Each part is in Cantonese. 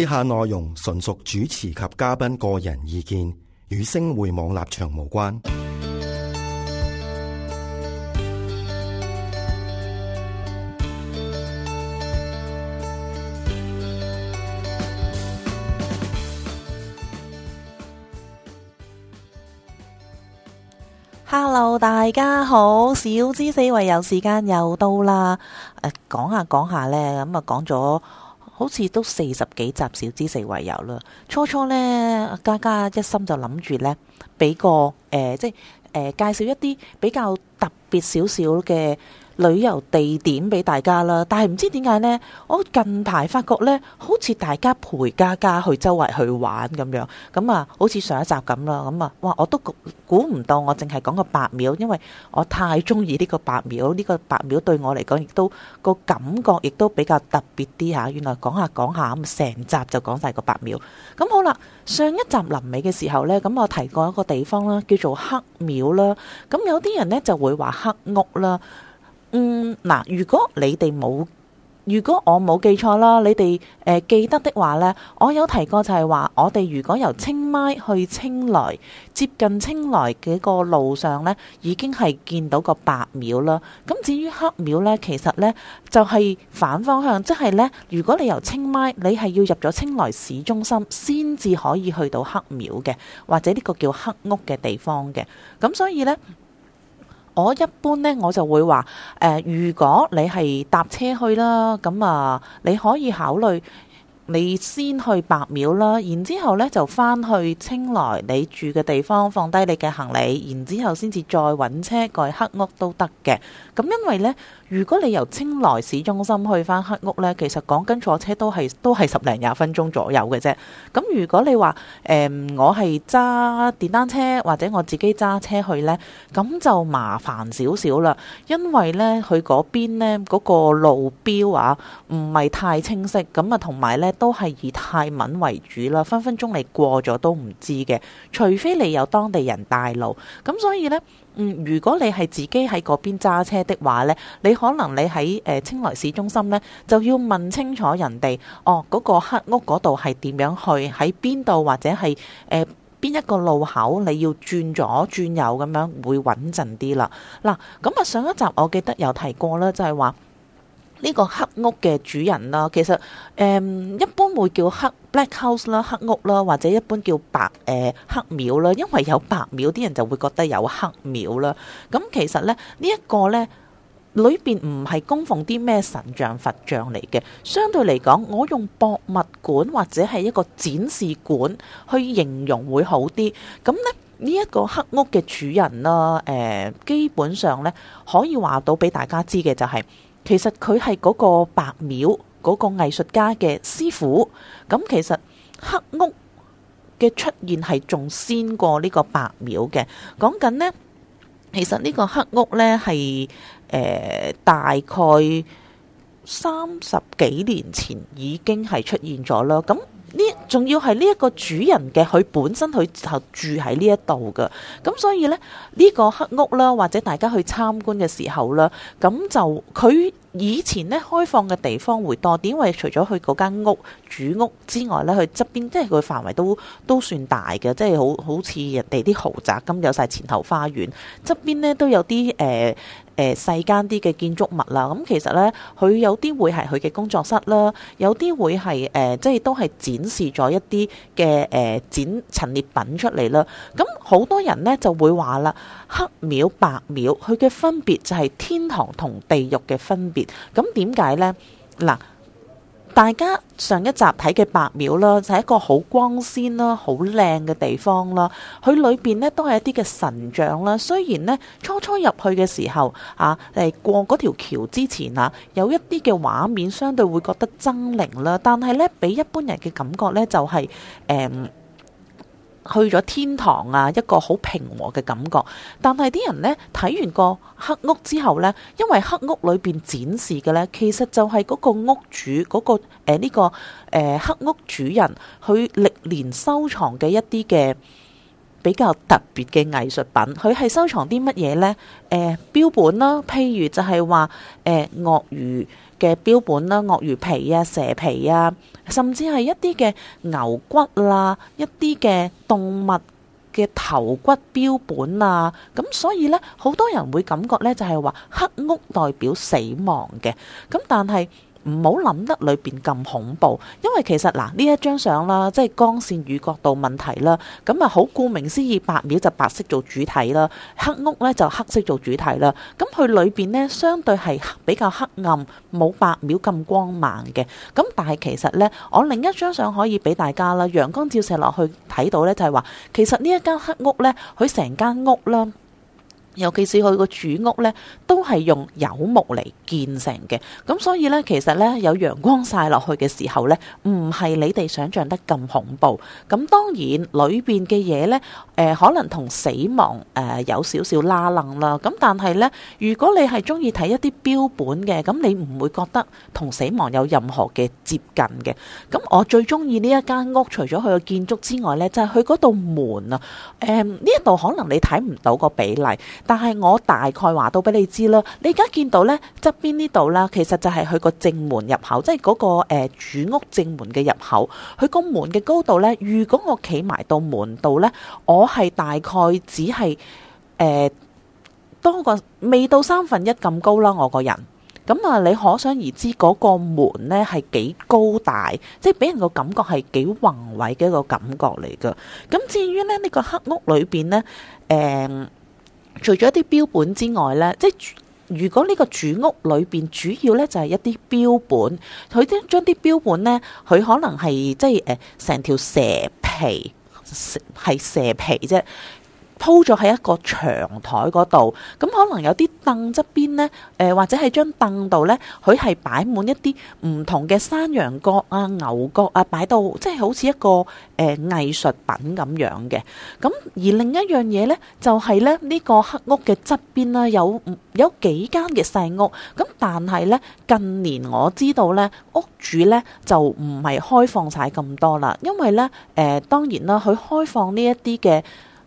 以下內容純屬主持及嘉賓個人意見，與星匯網立場無關。Hello，大家好，小資四圍遊時間又到啦！誒、啊，講下講下咧，咁啊講咗。好似都四十幾集小資四圍遊啦，初初呢家家一心就諗住呢，俾個誒、呃，即係、呃、介紹一啲比較特別少少嘅。旅遊地點俾大家啦，但係唔知點解呢，我近排發覺呢，好似大家陪家家去周圍去玩咁樣，咁啊，好似上一集咁啦，咁啊，哇！我都估唔到，我淨係講個白廟，因為我太中意呢個白廟，呢個白廟對我嚟講亦都個感覺亦都比較特別啲嚇。原來講下講下咁，成集就講晒個白廟。咁好啦，上一集臨尾嘅時候呢，咁我提過一個地方啦，叫做黑廟啦。咁有啲人呢，就會話黑屋啦。嗯，嗱，如果你哋冇，如果我冇記錯啦，你哋誒、呃、記得的話咧，我有提過就係話，我哋如果由清邁去清萊，接近清萊嘅個路上咧，已經係見到個白廟啦。咁至於黑廟咧，其實咧就係、是、反方向，即係咧，如果你由清邁，你係要入咗清萊市中心先至可以去到黑廟嘅，或者呢個叫黑屋嘅地方嘅。咁所以咧。我一般呢，我就會話，誒、呃，如果你係搭車去啦，咁啊，你可以考慮你先去白廟啦，然之後呢就翻去清萊你住嘅地方，放低你嘅行李，然之後先至再搵車過去黑屋都得嘅，咁因為呢。如果你由清萊市中心去翻黑屋呢，其實講緊坐車都係都係十零廿分鐘左右嘅啫。咁如果你話誒、呃、我係揸電單車或者我自己揸車去呢，咁就麻煩少少啦。因為呢，佢嗰邊呢嗰個路標啊，唔係太清晰，咁啊同埋呢，都係以泰文為主啦，分分鐘你過咗都唔知嘅，除非你有當地人帶路。咁所以呢。嗯，如果你係自己喺嗰邊揸車的話呢，你可能你喺誒清萊市中心呢，就要問清楚人哋哦，嗰個黑屋嗰度係點樣去？喺邊度或者係誒邊一個路口你要轉左轉右咁樣會穩陣啲啦。嗱，咁啊上一集我記得有提過啦，就係話。呢個黑屋嘅主人啦，其實誒、嗯、一般會叫黑 black house 啦，黑屋啦，或者一般叫白誒、呃、黑廟啦，因為有白廟，啲人就會覺得有黑廟啦。咁、嗯、其實咧，這個、呢一個咧裏邊唔係供奉啲咩神像佛像嚟嘅，相對嚟講，我用博物館或者係一個展示館去形容會好啲。咁咧呢一個黑屋嘅主人啦，誒、呃、基本上咧可以話到俾大家知嘅就係、是。其實佢係嗰個白廟嗰，那個藝術家嘅師傅，咁其實黑屋嘅出現係仲先過呢個白廟嘅。講緊呢，其實呢個黑屋呢係誒、呃、大概三十幾年前已經係出現咗啦。咁呢仲要係呢一個主人嘅，佢本身佢係住喺呢一度嘅，咁所以咧呢、呢個黑屋啦，或者大家去參觀嘅時候啦，咁就佢。以前咧開放嘅地方會多啲，因為除咗佢嗰間屋主屋之外咧，佢側邊即係佢範圍都都算大嘅，即係好好似人哋啲豪宅咁，有晒前後花園側邊呢，都有啲誒誒細間啲嘅建築物啦。咁其實咧，佢有啲會係佢嘅工作室啦，有啲會係誒、呃，即係都係展示咗一啲嘅誒展陳列品出嚟啦。咁好多人咧就會話啦。黑廟、白廟，佢嘅分別就係天堂同地獄嘅分別。咁點解呢？嗱，大家上一集睇嘅白廟啦，就係一個好光鮮啦、好靚嘅地方啦。佢裏邊呢，都係一啲嘅神像啦。雖然呢，初初入去嘅時候啊，嚟過嗰條橋之前啊，有一啲嘅畫面相對會覺得猙獰啦，但係呢，畀一般人嘅感覺呢、就係，就係誒。去咗天堂啊！一個好平和嘅感覺，但係啲人呢，睇完個黑屋之後呢，因為黑屋裏邊展示嘅呢，其實就係嗰個屋主嗰、嗰個誒呢、呃呢個誒、呃、黑屋主人佢歷年收藏嘅一啲嘅比較特別嘅藝術品。佢係收藏啲乜嘢呢？誒、呃，標本啦，譬如就係話誒鱷魚。嘅標本啦，鱷魚皮啊，蛇皮啊，甚至係一啲嘅牛骨啦，一啲嘅動物嘅頭骨標本啊，咁所以呢，好多人會感覺呢就係話黑屋代表死亡嘅，咁但係。唔好諗得裏邊咁恐怖，因為其實嗱呢一張相啦，即係光線與角度問題啦，咁啊好顧名思義，白廟就白色做主體啦，黑屋咧就黑色做主體啦。咁佢裏邊呢，相對係比較黑暗，冇白廟咁光猛嘅。咁但係其實呢，我另一張相可以俾大家啦，陽光照射落去睇到呢，就係話其實呢一間黑屋呢，佢成間屋咧。尤其是佢個主屋呢，都係用柚木嚟建成嘅，咁所以呢，其實呢，有陽光曬落去嘅時候呢，唔係你哋想象得咁恐怖。咁當然裏邊嘅嘢呢，誒、呃、可能同死亡誒、呃、有少少拉能啦。咁但係呢，如果你係中意睇一啲標本嘅，咁你唔會覺得同死亡有任何嘅接近嘅？咁我最中意呢一間屋，除咗佢個建築之外呢，就係佢嗰道門啊。誒、嗯，呢一度可能你睇唔到個比例。但係我大概話到俾你知啦，你而家見到呢側邊呢度啦，其實就係佢個正門入口，即係嗰個、誒、主屋正門嘅入口。佢個門嘅高度呢，如果我企埋到門度呢，我係大概只係誒多個未到三分一咁高啦。我個人咁啊，你可想而知嗰個門咧係幾高大，即係俾人個感覺係幾宏偉嘅一個感覺嚟㗎。咁至於呢，呢個黑屋裏邊呢。誒、呃。除咗一啲標本之外咧，即係如果呢個主屋裏邊主要咧就係一啲標本，佢將將啲標本咧，佢可能係即係誒成條蛇皮，係蛇皮啫，鋪咗喺一個長台嗰度，咁可能有啲凳側邊呢，誒、呃、或者係張凳度呢，佢係擺滿一啲唔同嘅山羊角啊、牛角啊，擺到即係好似一個誒藝術品咁樣嘅。咁而另一樣嘢呢，就係咧呢個黑屋嘅側邊咧，有有幾間嘅細屋。咁但係呢，近年我知道呢，屋主呢就唔係開放晒咁多啦，因為呢，誒、呃、當然啦，佢開放呢一啲嘅。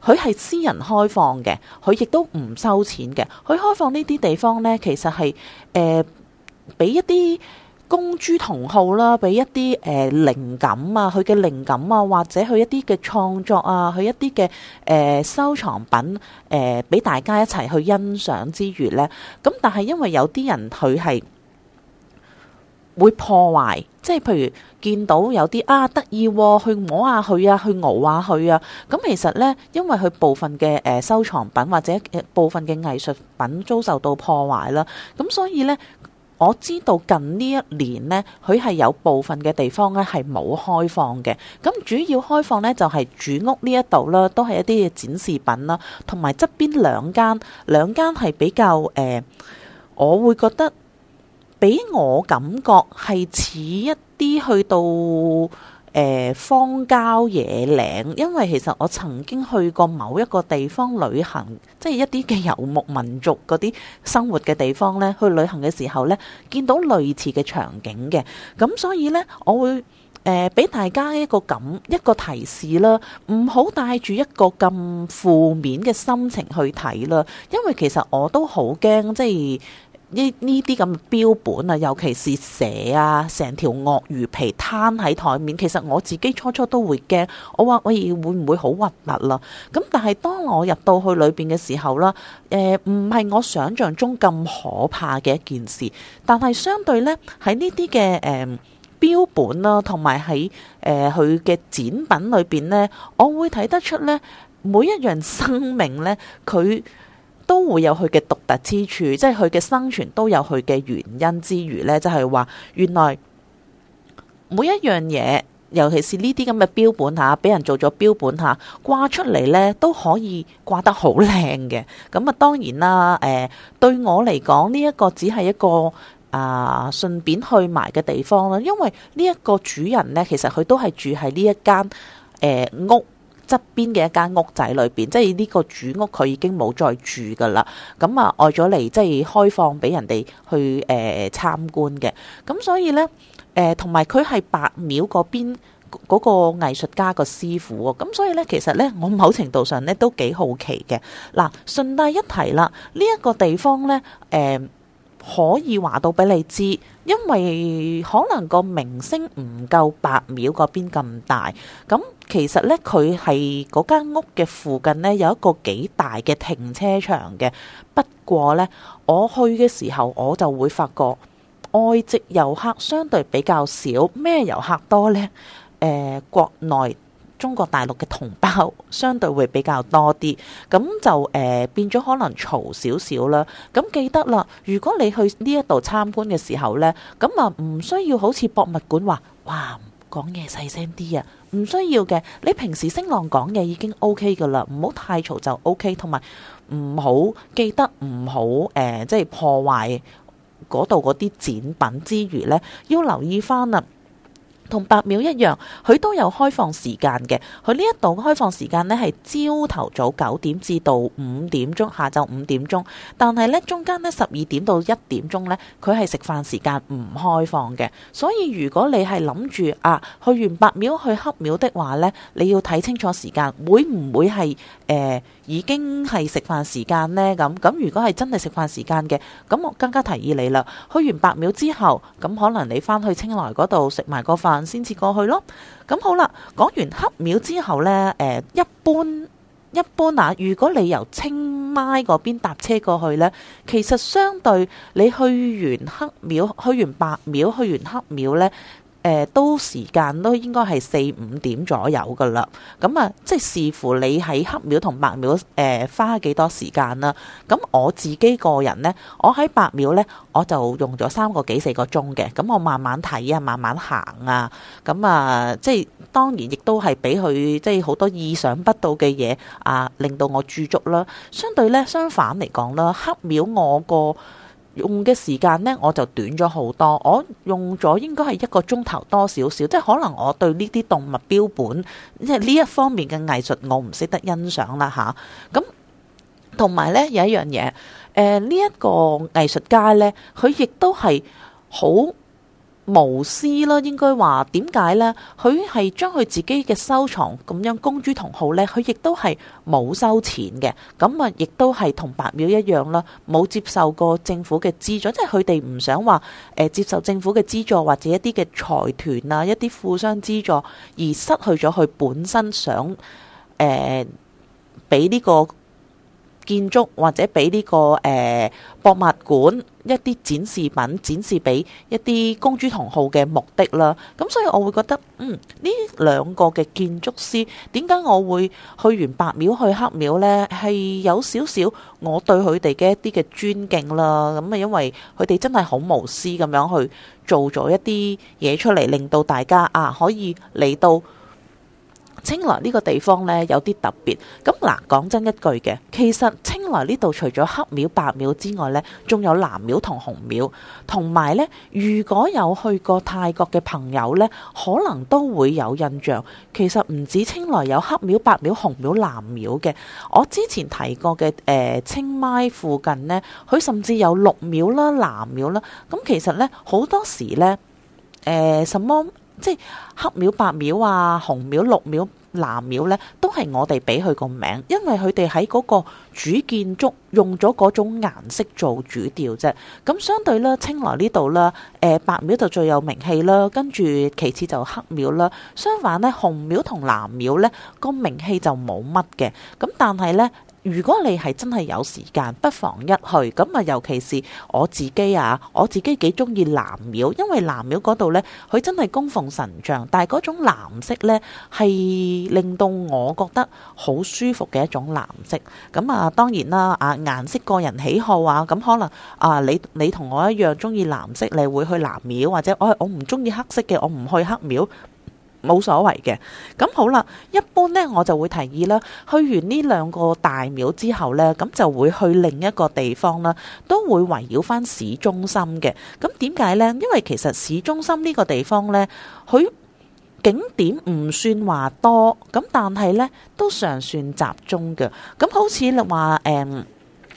佢係私人開放嘅，佢亦都唔收錢嘅。佢開放呢啲地方呢，其實係誒俾一啲公諸同好啦，俾一啲誒、呃、靈感啊，佢嘅靈感啊，或者佢一啲嘅創作啊，佢一啲嘅誒收藏品誒，俾、呃、大家一齊去欣賞之餘呢。咁但係因為有啲人佢係。會破壞，即係譬如見到有啲啊，得意、哦，去摸下、啊、佢啊，去熬下佢啊。咁其實呢，因為佢部分嘅誒收藏品或者部分嘅藝術品遭受到破壞啦。咁所以呢，我知道近呢一年呢，佢係有部分嘅地方呢係冇開放嘅。咁主要開放呢，就係、是、主屋呢一度啦，都係一啲嘅展示品啦，同埋側邊兩間，兩間係比較誒、呃，我會覺得。俾我感覺係似一啲去到誒荒、呃、郊野嶺，因為其實我曾經去過某一個地方旅行，即係一啲嘅遊牧民族嗰啲生活嘅地方呢，去旅行嘅時候呢，見到類似嘅場景嘅，咁所以呢，我會誒俾、呃、大家一個咁一個提示啦，唔好帶住一個咁負面嘅心情去睇啦，因為其實我都好驚即係。呢呢啲咁標本啊，尤其是蛇啊，成條鱷魚皮攤喺台面。其實我自己初初都會驚，我話我會唔會好核突啦？咁但係當我入到去裏邊嘅時候啦，誒唔係我想象中咁可怕嘅一件事。但係相對呢，喺呢啲嘅誒標本啦，同埋喺誒佢嘅展品裏邊呢，我會睇得出呢，每一樣生命呢，佢，都會有佢嘅獨特之處，即係佢嘅生存都有佢嘅原因之餘咧，即係話原來每一樣嘢，尤其是呢啲咁嘅標本吓，俾人做咗標本吓掛出嚟咧，都可以掛得好靚嘅。咁啊，當然啦，誒、呃、對我嚟講呢一個只係一個啊順便去埋嘅地方啦，因為呢一個主人咧，其實佢都係住喺呢一間誒、呃、屋。側邊嘅一間屋仔裏邊，即係呢個主屋，佢已經冇再住噶啦。咁啊，外咗嚟，即係開放俾人哋去誒參觀嘅。咁所以呢，誒同埋佢係白廟嗰邊嗰個藝術家個師傅。咁所以呢，其實呢，我某程度上呢都幾好奇嘅。嗱，順帶一提啦，呢一個地方呢。誒。可以話到俾你知，因為可能個名聲唔夠白廟嗰邊咁大。咁其實咧，佢係嗰間屋嘅附近咧，有一個幾大嘅停車場嘅。不過咧，我去嘅時候，我就會發覺外籍遊客相對比較少，咩遊客多咧？誒、呃，國內。中國大陸嘅同胞相對會比較多啲，咁就誒、呃、變咗可能嘈少少啦。咁記得啦，如果你去呢一度參觀嘅時候呢，咁啊唔需要好似博物館話，哇講嘢細聲啲啊，唔需要嘅。你平時聲浪講嘢已經 O K 㗎喇，唔好太嘈就 OK。同埋唔好，記得唔好誒、呃，即係破壞嗰度嗰啲展品之餘呢，要留意返啦。同白廟一樣，佢都有開放時間嘅。佢呢一度嘅開放時間呢係朝頭早九點至到五點鐘，下晝五點鐘。但係呢，中間呢十二點到一點鐘呢，佢係食飯時間唔開放嘅。所以如果你係諗住啊去完白廟去黑廟的話呢，你要睇清楚時間，會唔會係誒？呃已經係食飯時間呢。咁咁如果係真係食飯時間嘅，咁我更加提議你啦。去完白廟之後，咁可能你翻去清萊嗰度食埋個飯先至過去咯。咁好啦，講完黑廟之後呢，誒一般一般嗱，如果你由清邁嗰邊搭車過去呢，其實相對你去完黑廟，去完白廟，去完黑廟呢。誒都時間都應該係四五點左右噶啦，咁啊，即係視乎你喺黑廟同白廟誒、呃、花幾多時間啦。咁我自己個人呢，我喺白廟呢，我就用咗三個幾四個鐘嘅，咁我慢慢睇啊，慢慢行啊，咁啊，即係當然亦都係俾佢即係好多意想不到嘅嘢啊，令到我駐足啦。相對呢，相反嚟講啦，黑廟我個。用嘅時間呢，我就短咗好多。我用咗應該係一個鐘頭多少少，即係可能我對呢啲動物標本，即係呢一方面嘅藝術，我唔識得欣賞啦嚇。咁同埋呢，有一樣嘢，誒呢一個藝術家呢，佢亦都係好無私咯，應該話點解咧？佢係將佢自己嘅收藏咁樣公諸同好咧，佢亦都係冇收錢嘅，咁啊，亦都係同白廟一樣啦，冇接受過政府嘅資助，即係佢哋唔想話誒、呃、接受政府嘅資助或者一啲嘅財團啊一啲富商資助，而失去咗佢本身想誒俾呢個。建築或者俾呢、這個誒、呃、博物館一啲展示品展示俾一啲公諸同好嘅目的啦，咁所以我會覺得嗯呢兩個嘅建築師點解我會去完白廟去黑廟呢，係有少少我對佢哋嘅一啲嘅尊敬啦，咁啊因為佢哋真係好無私咁樣去做咗一啲嘢出嚟，令到大家啊可以嚟到清萊呢個地方呢，有啲特別，咁嗱講真一句嘅，其實清萊呢度除咗黑廟、白廟之外呢，仲有藍廟同紅廟，同埋呢，如果有去過泰國嘅朋友呢，可能都會有印象。其實唔止清萊有黑廟、白廟、紅廟、藍廟嘅，我之前提過嘅誒、呃、清邁附近呢，佢甚至有綠廟啦、藍廟啦。咁其實呢，好多時呢，誒、呃、什麼。即係黑廟、白廟啊、紅廟、綠廟、藍廟咧，都係我哋俾佢個名，因為佢哋喺嗰個主建築用咗嗰種顏色做主調啫。咁相對咧，清萊呢度咧，誒，白廟就最有名氣啦，跟住其次就黑廟啦。相反咧，紅廟同藍廟咧個名氣就冇乜嘅。咁但係咧。如果你係真係有時間，不妨一去。咁啊，尤其是我自己啊，我自己幾中意藍廟，因為藍廟嗰度呢，佢真係供奉神像，但係嗰種藍色呢，係令到我覺得好舒服嘅一種藍色。咁啊，當然啦，啊顏色個人喜好啊，咁可能啊你你同我一樣中意藍色，你會去藍廟，或者我我唔中意黑色嘅，我唔去黑廟。冇所謂嘅，咁好啦。一般呢，我就會提議啦，去完呢兩個大廟之後呢，咁就會去另一個地方啦，都會圍繞翻市中心嘅。咁點解呢？因為其實市中心呢個地方呢，佢景點唔算話多，咁但係呢，都尚算集中嘅。咁好似話誒，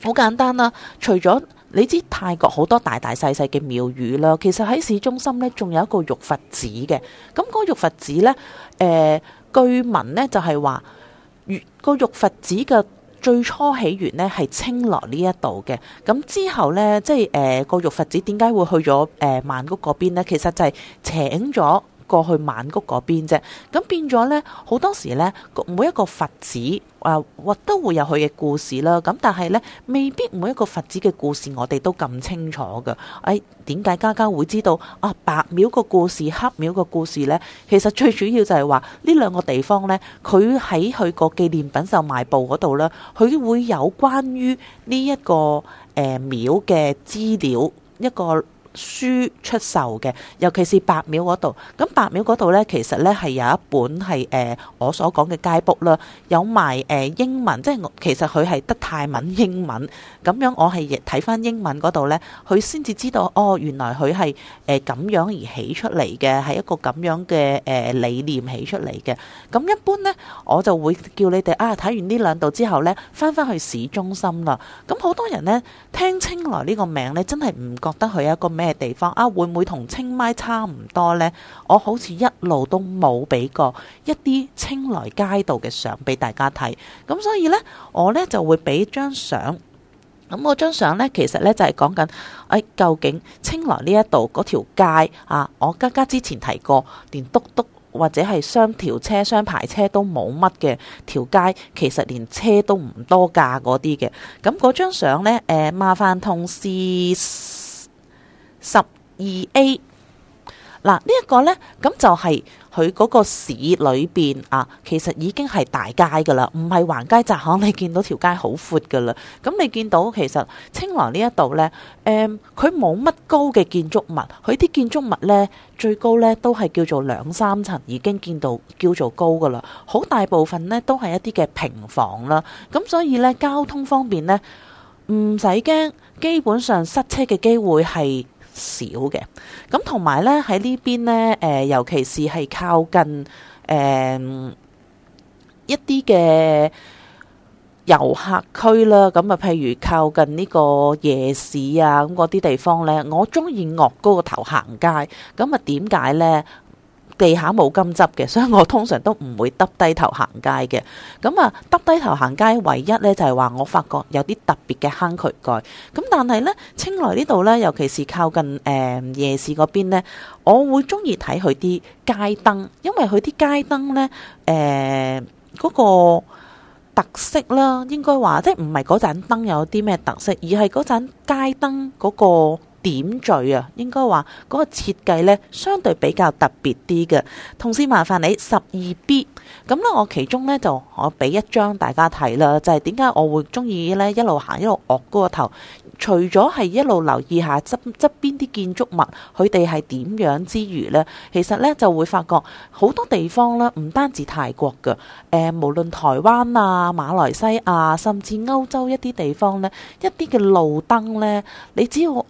好、嗯、簡單啦，除咗。你知泰國好多大大細細嘅廟宇啦，其實喺市中心咧仲有一個玉佛寺嘅。咁、那、嗰個玉佛寺咧，誒、呃、據聞咧就係、是、話，個玉佛寺嘅最初起源咧係清萊呢一度嘅。咁之後咧，即係誒個玉佛寺點解會去咗誒、呃、曼谷嗰邊咧？其實就係請咗。過去曼谷嗰邊啫，咁變咗呢。好多時呢，每一個佛寺啊，或都會有佢嘅故事啦。咁但係呢，未必每一個佛寺嘅故事，我哋都咁清楚㗎。誒、哎，點解家家會知道啊？白廟個故事、黑廟個故事呢，其實最主要就係話呢兩個地方呢，佢喺佢個紀念品售賣部嗰度呢，佢會有關於呢、呢個呃、一個誒廟嘅資料一個。書出售嘅，尤其是白廟嗰度。咁白廟嗰度咧，其實咧係有一本係誒我所講嘅街 book 啦，有賣誒英文，即係其實佢係得泰文英文。咁樣我係亦睇翻英文嗰度咧，佢先至知道哦，原來佢係誒咁樣而起出嚟嘅，係一個咁樣嘅誒、呃、理念起出嚟嘅。咁一般咧，我就會叫你哋啊，睇完呢兩度之後咧，翻翻去市中心啦。咁好多人咧聽清萊呢個名咧，真係唔覺得佢有一個咩。嘅地方啊，會唔會同清邁差唔多呢？我好似一路都冇俾過一啲清萊街道嘅相俾大家睇，咁所以呢，我呢就會俾張相。咁嗰張相呢，其實呢就係講緊，誒，究竟清萊呢一度嗰條街啊，我家家之前提過，連嘟嘟或者係雙條車、雙排車都冇乜嘅條街，其實連車都唔多架嗰啲嘅。咁嗰張相呢，誒，麻煩同事。十二 A 嗱，呢一個呢，咁就係佢嗰個市裏邊啊，其實已經係大街噶啦，唔係橫街窄巷。你見到條街好闊噶啦，咁、嗯、你見到其實清萊呢一度呢，誒，佢冇乜高嘅建築物，佢啲建築物呢，最高呢都係叫做兩三層，已經見到叫做高噶啦。好大部分呢都係一啲嘅平房啦，咁、嗯、所以呢，交通方面呢，唔使驚，基本上塞車嘅機會係。少嘅，咁同埋呢喺呢邊呢，誒、呃，尤其是係靠近誒、呃、一啲嘅遊客區啦，咁啊，譬如靠近呢個夜市啊，咁嗰啲地方呢，我中意岳高個頭行街，咁啊，點解呢？地下冇金執嘅，所以我通常都唔會耷低頭行街嘅。咁啊，耷低頭行街唯一呢就係、是、話我發覺有啲特別嘅坑渠蓋。咁但係呢，清萊呢度呢，尤其是靠近誒、呃、夜市嗰邊呢，我會中意睇佢啲街燈，因為佢啲街燈呢，誒、呃、嗰、那個特色啦，應該話即係唔係嗰盞燈有啲咩特色，而係嗰盞街燈嗰、那個。點綴啊，應該話嗰、那個設計呢，相對比較特別啲嘅。同時麻煩你十二 B，咁呢我其中呢，就我俾一張大家睇啦，就係點解我會中意呢一路行一路惡嗰個頭，除咗係一路留意下側側邊啲建築物佢哋係點樣之餘呢，其實呢就會發覺好多地方呢，唔單止泰國嘅，誒、呃、無論台灣啊、馬來西亞甚至歐洲一啲地方呢，一啲嘅路燈呢，你只要，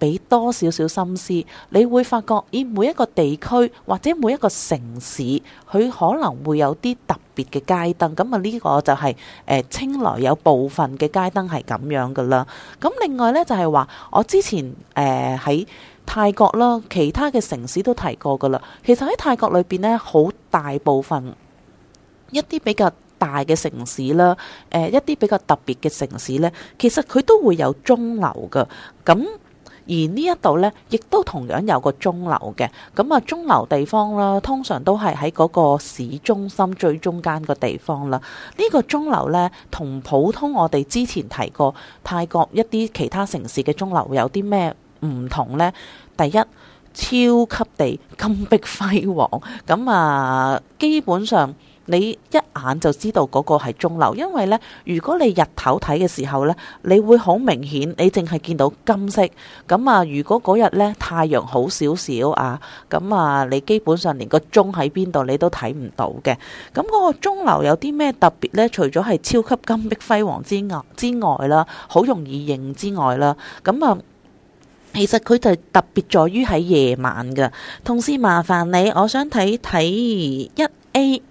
俾多少少心思，你會發覺咦，每一個地區或者每一個城市，佢可能會有啲特別嘅街燈。咁啊，呢個就係、是、誒、呃，清萊有部分嘅街燈係咁樣噶啦。咁另外呢，就係、是、話，我之前誒喺、呃、泰國啦，其他嘅城市都提過噶啦。其實喺泰國裏邊呢，好大部分一啲比較大嘅城市啦，誒、呃、一啲比較特別嘅城市呢，其實佢都會有鐘樓噶咁。而呢一度呢，亦都同樣有個鐘樓嘅。咁啊，鐘樓地方啦，通常都係喺嗰個市中心最中間個地方啦。呢個鐘樓呢，同普通我哋之前提過泰國一啲其他城市嘅鐘樓有啲咩唔同呢？第一，超級地金碧輝煌。咁啊，基本上。你一眼就知道嗰個係鐘樓，因為咧，如果你日頭睇嘅時候咧，你會好明顯你淨係見到金色咁啊。如果嗰日咧太陽好少少啊，咁啊，你基本上連個鐘喺邊度你都睇唔到嘅。咁嗰個鐘樓有啲咩特別咧？除咗係超級金碧輝煌之外之外啦，好容易認之外啦，咁啊，其實，佢就特別在於喺夜晚嘅。同時麻煩你，我想睇睇一 A。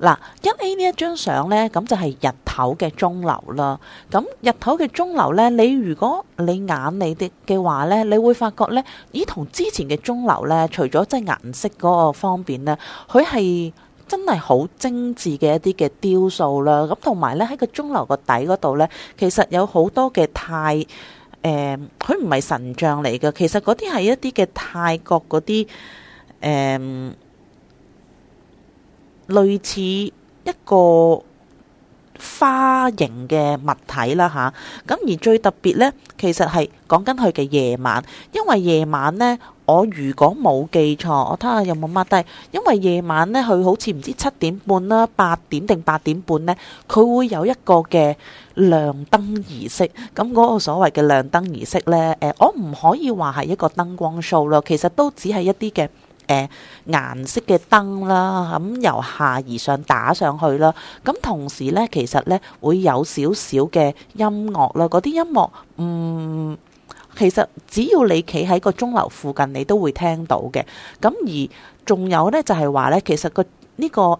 嗱，因 A 呢一張相咧，咁就係日頭嘅鐘樓啦。咁日頭嘅鐘樓咧，你如果你眼你啲嘅話咧，你會發覺咧，咦，同之前嘅鐘樓咧，除咗即係顏色嗰個方面咧，佢係真係好精緻嘅一啲嘅雕塑啦。咁同埋咧，喺個鐘樓個底嗰度咧，其實有好多嘅泰誒，佢唔係神像嚟嘅，其實嗰啲係一啲嘅泰國嗰啲誒。呃類似一個花形嘅物體啦，吓、啊、咁而最特別呢，其實係講緊佢嘅夜晚，因為夜晚呢，我如果冇記錯，我睇下有冇 mark 低，因為夜晚呢，佢好似唔知七點半啦、八點定八點半呢，佢會有一個嘅亮燈儀式，咁嗰個所謂嘅亮燈儀式呢，誒，我唔可以話係一個燈光 show 咯，其實都只係一啲嘅。誒顏、呃、色嘅燈啦，咁、嗯、由下而上打上去啦。咁、嗯、同時咧，其實咧會有少少嘅音樂啦。嗰啲音樂唔，其實只要你企喺個鐘樓附近，你都會聽到嘅。咁、嗯、而仲有咧，就係話咧，其實、這個呢個誒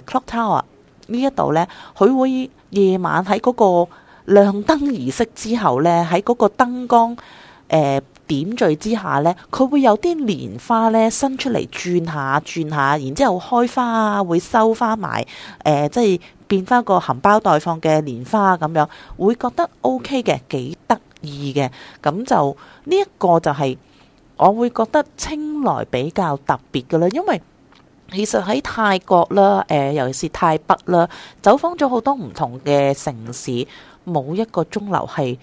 Clock Tower 呢一度咧，佢會夜晚喺嗰個亮燈儀式之後咧，喺嗰個燈光誒。呃點綴之下呢，佢會有啲蓮花呢，伸出嚟轉下轉下，然之後開花啊，會收花埋，誒、呃，即係變翻一個含苞待放嘅蓮花咁樣，會覺得 O K 嘅，幾得意嘅。咁就呢一、這個就係我會覺得清萊比較特別嘅啦，因為其實喺泰國啦，誒、呃，尤其是泰北啦，走訪咗好多唔同嘅城市，冇一個鐘樓係。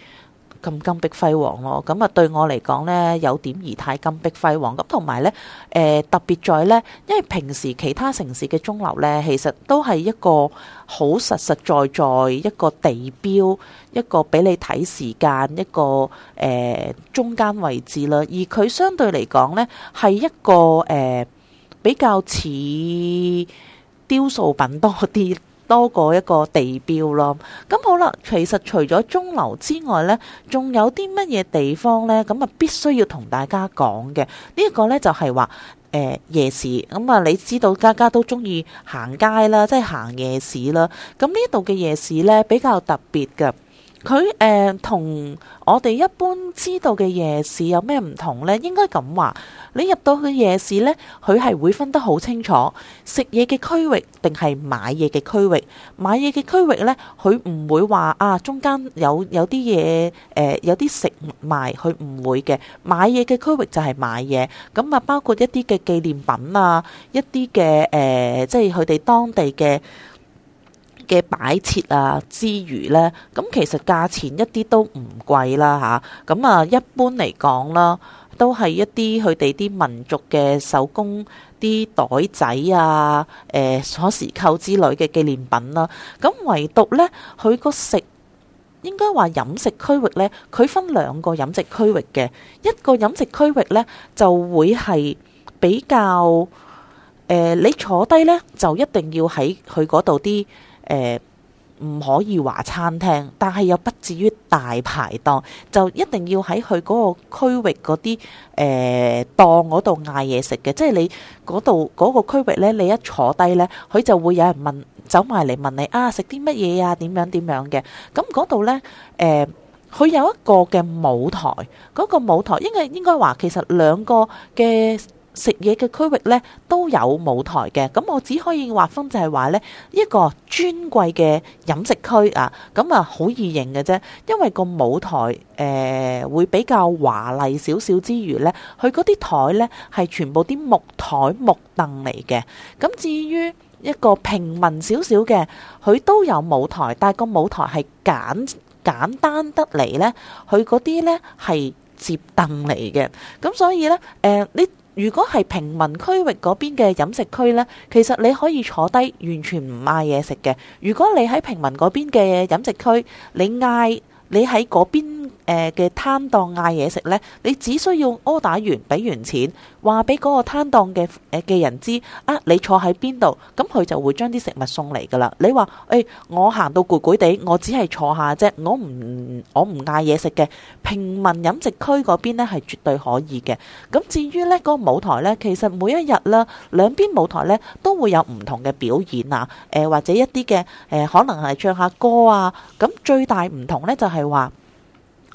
咁金碧輝煌咯，咁啊對我嚟講呢，有點兒太金碧輝煌，咁同埋呢，誒、呃、特別在呢，因為平時其他城市嘅鐘樓呢，其實都係一個好實實在在一個地標，一個俾你睇時間一個誒、呃、中間位置啦，而佢相對嚟講呢，係一個誒、呃、比較似雕塑品多啲。多過一個地標咯，咁好啦。其實除咗鐘樓之外呢，仲有啲乜嘢地方呢？咁啊必須要同大家講嘅呢一個呢，就係話誒夜市。咁啊，你知道家家都中意行街啦，即係行夜市啦。咁呢度嘅夜市呢，比較特別嘅。佢誒、呃、同我哋一般知道嘅夜市有咩唔同呢？應該咁話，你入到去夜市呢，佢係會分得好清楚，食嘢嘅區域定係買嘢嘅區域。買嘢嘅區域呢，佢唔會話啊，中間有有啲嘢誒，有啲、呃、食埋，佢唔會嘅。買嘢嘅區域就係買嘢，咁啊，包括一啲嘅紀念品啊，一啲嘅誒，即係佢哋當地嘅，嘅擺設啊，之餘呢，咁其實價錢一啲都唔貴啦吓，咁啊，啊，一般嚟講啦，都係一啲佢哋啲民族嘅手工啲袋仔啊，誒鎖匙扣之類嘅紀念品啦、啊。咁、啊、唯獨呢，佢個食應該話飲食區域呢，佢分兩個飲食區域嘅，一個飲食區域呢，就會係比較誒、呃，你坐低呢，就一定要喺佢嗰度啲。誒，唔、呃、可以話餐廳，但係又不至於大排檔，就一定要喺佢嗰個區域嗰啲誒檔嗰度嗌嘢食嘅，即係你嗰度嗰個區域呢，你一坐低呢，佢就會有人問，走埋嚟問你啊食啲乜嘢啊，點樣點樣嘅。咁嗰度呢，誒、呃，佢有一個嘅舞台，嗰個舞台應該應該話，其實兩個嘅。食嘢嘅區域咧都有舞台嘅，咁我只可以劃分就係話咧一個尊貴嘅飲食區啊，咁啊好易認嘅啫，因為個舞台誒會比較華麗少少之餘咧，佢嗰啲台咧係全部啲木台木凳嚟嘅。咁至於一個平民少少嘅，佢都有舞台，但係個舞台係簡簡單得嚟咧，佢嗰啲咧係摺凳嚟嘅。咁所以咧誒呢？如果係平民區域嗰邊嘅飲食區呢，其實你可以坐低，完全唔嗌嘢食嘅。如果你喺平民嗰邊嘅飲食區，你嗌，你喺嗰邊。誒嘅攤檔嗌嘢食呢，你只需要屙打完，俾完錢，話俾嗰個攤檔嘅嘅人知啊，你坐喺邊度，咁佢就會將啲食物送嚟噶啦。你話誒、哎，我行到攰攰地，我只係坐下啫，我唔我唔嗌嘢食嘅，平民飲食區嗰邊呢係絕對可以嘅。咁至於呢嗰、嗰個舞台呢，其實每一日呢兩邊舞台呢都會有唔同嘅表演啊，誒、呃、或者一啲嘅誒可能係唱下歌啊。咁最大唔同呢就係話。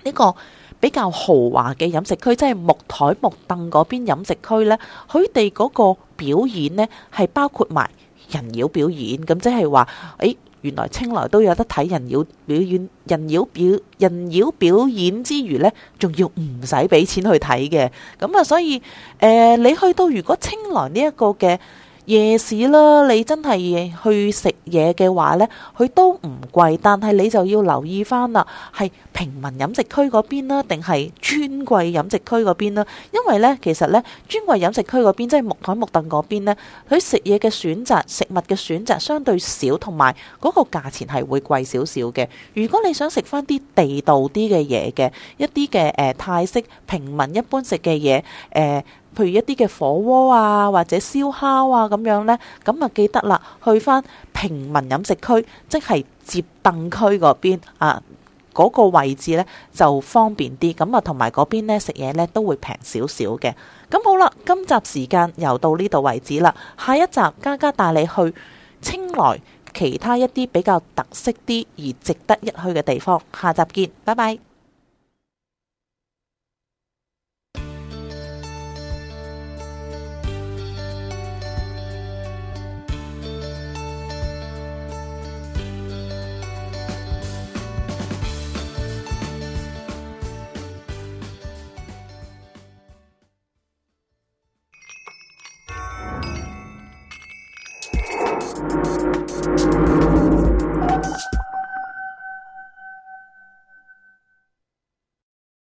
呢個比較豪華嘅飲食區，即係木台木凳嗰邊飲食區呢，佢哋嗰個表演呢，係包括埋人妖表演，咁即係話，誒、哎、原來清萊都有得睇人妖表演，人妖表人妖表演之餘呢，仲要唔使俾錢去睇嘅，咁啊，所以誒、呃、你去到如果清萊呢一個嘅，夜市啦，你真係去食嘢嘅話呢，佢都唔貴，但係你就要留意翻啦，係平民飲食區嗰邊啦，定係尊貴飲食區嗰邊啦？因為呢，其實呢，尊貴飲食區嗰邊即係木台木凳嗰邊呢，佢食嘢嘅選擇、食物嘅選擇相對少，同埋嗰個價錢係會貴少少嘅。如果你想食翻啲地道啲嘅嘢嘅一啲嘅誒泰式平民一般食嘅嘢誒。呃譬如一啲嘅火鍋啊，或者燒烤啊咁樣呢，咁啊記得啦，去翻平民飲食區，即係接凳區嗰邊啊，嗰個位置呢就方便啲。咁啊，同埋嗰邊呢食嘢呢都會平少少嘅。咁好啦，今集時間又到呢度為止啦。下一集嘉嘉帶你去清萊其他一啲比較特色啲而值得一去嘅地方。下集見，拜拜。